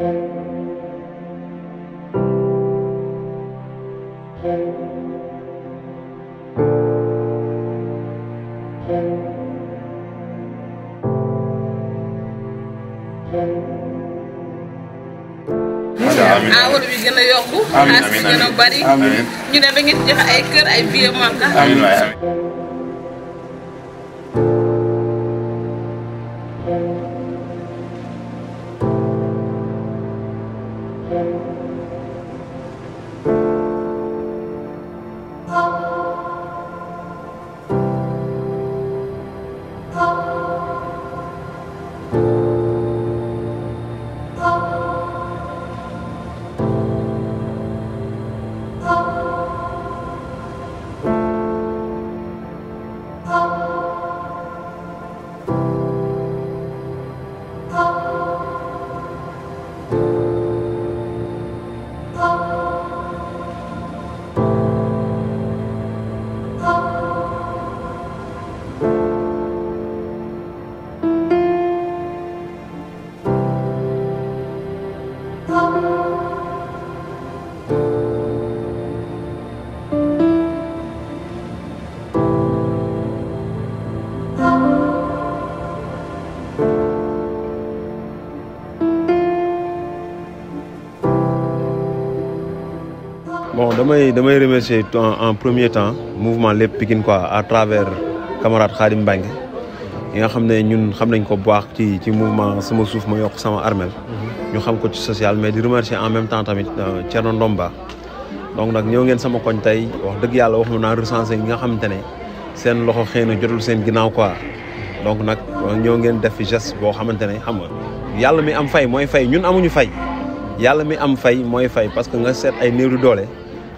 ah wala bi gën a yokku. amiin i xaalis bi gën a bari. ñu ne da ngeen I ay kër Thank you. Je damay remercier en premier temps mouvement les Pikine quoi à travers camarade Khadim Bang. yi nga xamné ñun xam ko mouvement sama ma yok sama mhm. ñu xam ko ci social mais di remercier en même temps tamit euh, Thierno Ndomba donc nak ngeen sama koñ tay wax dëgg yàlla wax nga xamante ne seen loxo xeyna jotul seen ginnaaw quoi donc xam nga mi am fay fay ñun parce que nga ay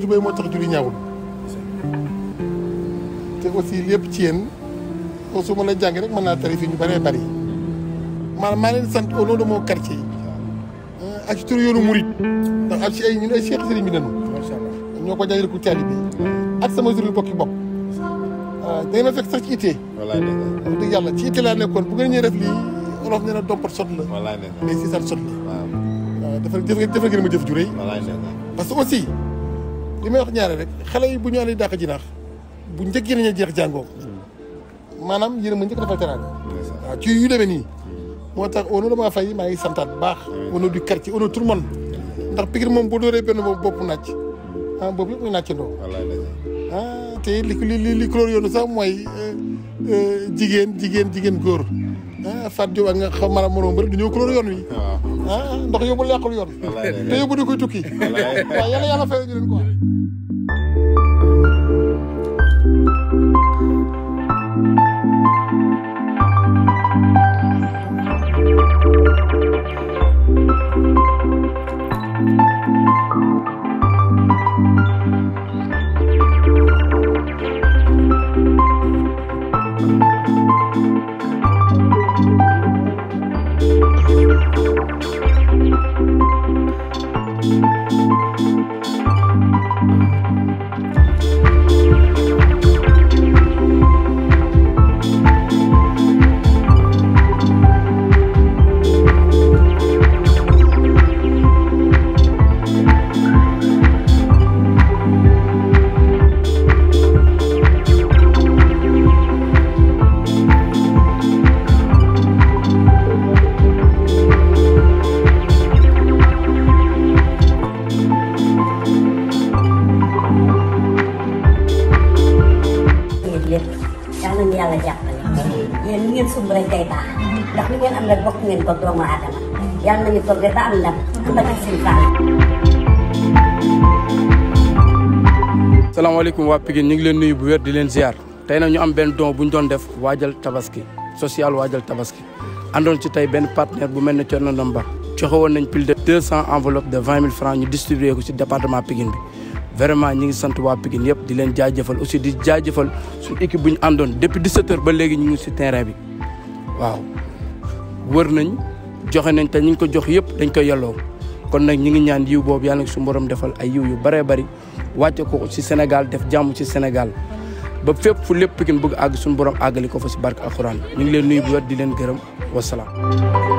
tubéy moo tax julli ñaawul te aussi lépp ci yéen koo ma la jàng rek mën naa tari bari ñu bëree bëri maa leen sant au nom de mon quartier euh, ak ci turu yoonu murit ndax ak ci ay ñoo ko jaajël ku caali bi ak sama jur yu bokki bopp euh, da sax ci ittee wax dëgg yàlla ci ittee laa nekkoon bu ngeen ñëwee def lii olof nee na dompat sot la mais si sat sot la waaw euh, dafa jëf jëf ngeen parce que aussi li may wax ñaare rek xale yi bu ñu andi dàq jinaax bu njëkkee nañu jeex jàngoo maanaam yéen ma njëkk defal teraanga ci yu demee nii moo tax au nom de ma fay maa ngi santaat baax au nom du quartier au nom tout ndax Pikine moom boo dooree benn boobu bopp nàcc ah boobu yëpp ñu ah, te li li li couleur yoonu sax mooy euh, euh, jigéen jigéen jigéen góor ah Fatou Diop ak nga xam maanaam moroom bëri du ñëw couleur yoon wi ah ndox yóbbu la yàqul yoon te yóbbu di koy tukki waaw yàlla yàlla fay ñu leen quoi Thank you. sumbrai kay ta. Dakni yan ang nagbok ngin to drama adam. Yan na ni forgeta ang nag ang nagsimta. Assalamualaikum wa pigi ñing leen nuyu bu wër di leen ziar tay na ñu am ben don buñ doon def wajal tabaski social wajal tabaski andon ci tay ben partenaire bu melni ciorna namba ci xawon nañ pile de 200 enveloppe de 20000 francs ñu distribuer ko ci département pigin bi vraiment ñi ngi sant wa pigin yépp di leen jaajeufal aussi di jaajeufal suñu équipe buñ andon depuis 17h ba légui ñu ngi ci terrain bi waaw wër nañ joxe nañ te ñu ko jox yëpp dañ koy yelloo kon nag ñu ngi ñaan yiw boobu yàlla nga su borom defal ay yiw yu bare bari wàcce ko ci Sénégal def jàmm ci Sénégal ba fépp fu lépp gën bëgg àgg suñu borom àggali ko fa si barke alxuraan ñu ngi leen nuyu bu wet di leen gërëm wasalaam.